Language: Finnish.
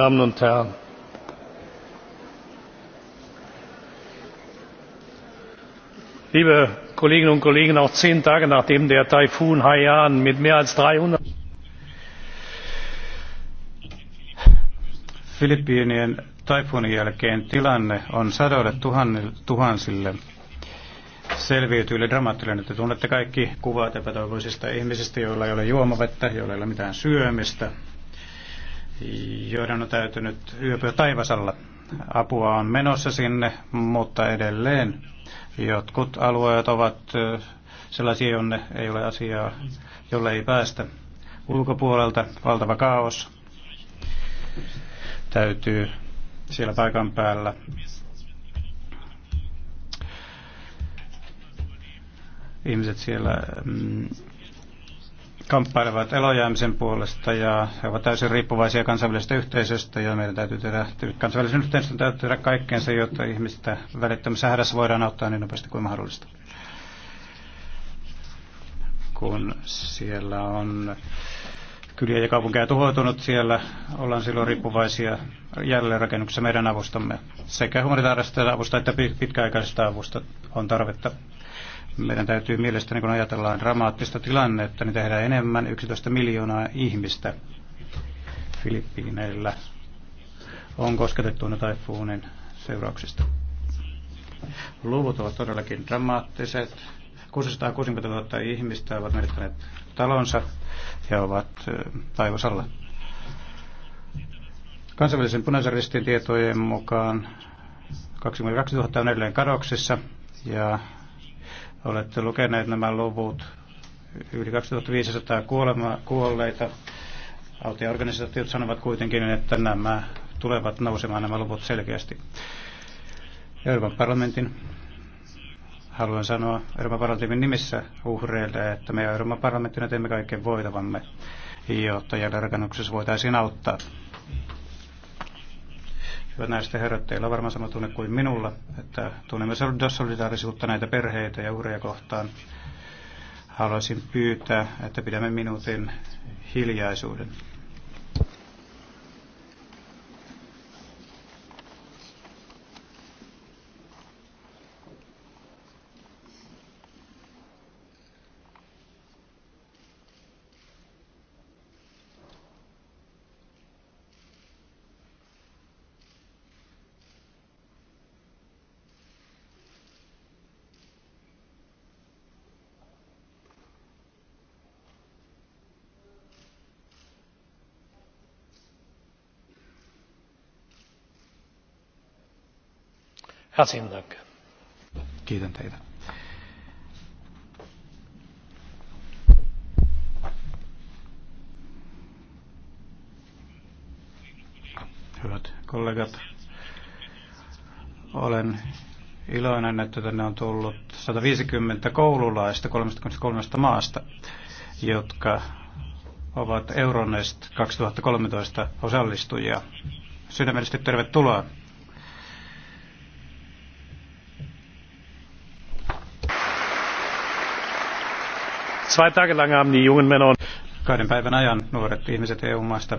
damen und herren! liebe kolleginnen und kollegen! auch zehn tage nachdem der taifun haiyan mit mehr als dreihundert philippinien taifunin jälkeen tilanne on sadoille tuhansille selviytyjille dramaattinen. Te tunnette kaikki kuvat epätoivoisista ihmisistä, joilla ei ole juomavettä, joilla ei ole mitään syömistä, joiden on täytynyt yöpyä taivasalla. Apua on menossa sinne, mutta edelleen jotkut alueet ovat sellaisia, jonne ei ole asiaa, jolle ei päästä. Ulkopuolelta valtava kaos täytyy siellä paikan päällä ihmiset siellä mm, kamppailevat elojäämisen puolesta ja he ovat täysin riippuvaisia kansainvälisestä yhteisöstä ja meidän täytyy tehdä, kansainvälisen yhteisön täytyy tehdä kaikkeensa, jotta ihmistä välittömässä hädässä voidaan auttaa niin nopeasti kuin mahdollista. Kun siellä on kyliä ja kaupunkeja tuhoutunut siellä, ollaan silloin riippuvaisia jälleenrakennuksessa meidän avustamme. Sekä humanitaarista avusta että pitkäaikaisesta avusta on tarvetta meidän täytyy mielestäni, kun ajatellaan dramaattista tilannetta, niin tehdään enemmän 11 miljoonaa ihmistä Filippiineillä on kosketettuina taifuunin seurauksista. Luvut ovat todellakin dramaattiset. 660 000 ihmistä ovat menettäneet talonsa ja ovat taivasalla. Kansainvälisen punaisen ristin tietojen mukaan 22 000 on edelleen kadoksissa ja Olette lukeneet nämä luvut. Yli 2500 kuolema, kuolleita. Autiorganisaatiot sanovat kuitenkin, että nämä tulevat nousemaan nämä luvut selkeästi. Euroopan parlamentin haluan sanoa Euroopan parlamentin nimissä uhreille, että me Euroopan parlamenttina teemme kaiken voitavamme, jotta jälleenrakennuksessa voitaisiin auttaa. Hyvät naiset herrat, teillä on varmaan sama tunne kuin minulla, että tunnemme solidaarisuutta näitä perheitä ja uhreja kohtaan. Haluaisin pyytää, että pidämme minuutin hiljaisuuden. Herzlichen Dank. Hyvät kollegat, olen iloinen, että tänne on tullut 150 koululaista 33 maasta, jotka ovat Euronest 2013 osallistujia. Sydämellisesti tervetuloa. Zwei Tage lang haben die jungen Männer kahden päivän ajan nuoret ihmiset EU-maista